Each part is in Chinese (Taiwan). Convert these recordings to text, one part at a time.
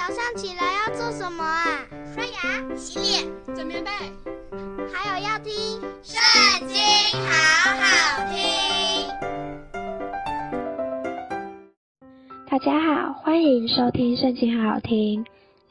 早上起來要做什麼啊？刷牙、洗臉、準備被，還有要聽《聖經》，好好聽。大家好，歡迎收聽《聖經》，好好聽。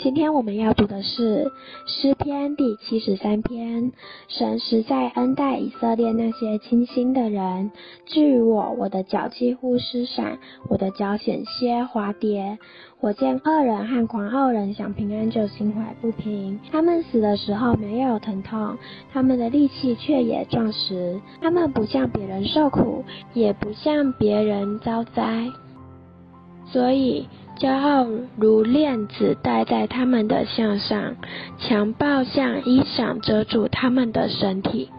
今天我們要讀的是詩篇第七十三篇。神實在恩待以色列那些清心的人。至於我，我的腳幾乎失閃，我的腳險些滑跌。我見惡人和狂傲人享平安，就心懷不平。他們死的時候沒有疼痛，他們的力氣却也壯實。他們不像別人受苦，也不像別人遭災。所以，驕傲如鏈子戴在他們的項上，強暴像衣裳遮住他們的身體，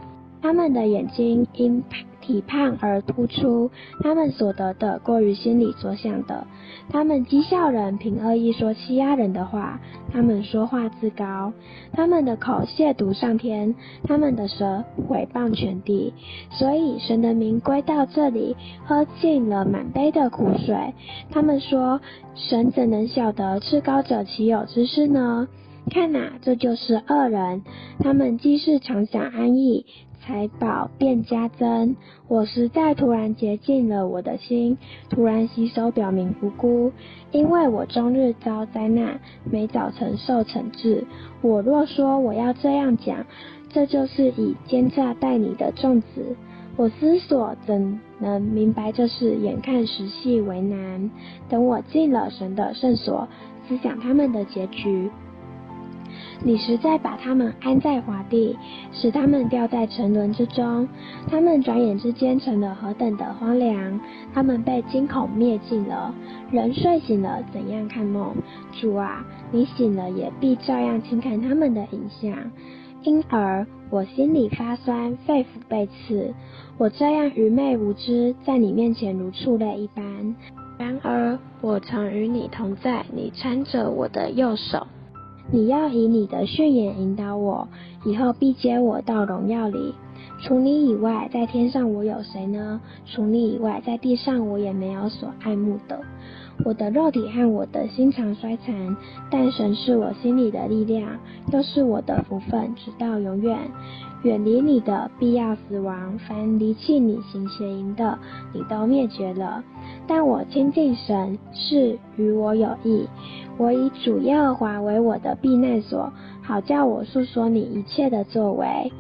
他們的眼睛因。音體胖而凸出，他們所得的過於心裡所想的；他們譏笑人，憑惡意說欺壓人的話；他們說話自高，他們的口褻瀆上天，他們的舌毀謗全地。所以神的民歸到這裡，喝盡了滿杯的苦水。他們說：“神怎能曉得？至高者豈有知識呢？”看哪、啊，這就是惡人。他們既是常享安逸。財寶便加增，我實在徒然潔淨了我的心，徒然洗手表明無辜，因為我終日遭災難，每早晨受懲治。我若說我要這樣講，這就是以奸詐待你的眾子。我思索怎能明白這事，眼看實係為難。等我進了神的聖所，思想他們的結局。你實在把他們安在滑地，使他們掉在沉淪之中。他們轉眼之間成了何等的荒涼！他們被驚恐滅盡了。人睡醒了怎樣看夢？主啊，你醒了也必照樣輕看他們的影像。因而我心裡發酸，肺腑被刺。我這樣愚昧無知，在你面前如畜類一般。然而我曾與你同在，你攙着我的右手。你要以你的訓言引導我，以後必接我到榮耀裡。除你以外，在天上我有誰呢？除你以外，在地上我也沒有所愛慕的。我的肉體和我的心腸衰殘，但神是我心裡的力量，又是我的福分，直到永遠。遠離你的必要死亡，凡離棄你行邪淫的，你都滅絕了。但我親近神是與我有益，我以主耶和華為我的避難所，好叫我述說你一切的作為。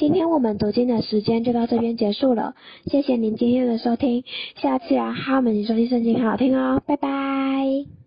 今天我們讀經的時間就到這邊結束了，謝謝您今天的收聽，下次啊哈我們收聽聖經，很好聽哦，拜拜。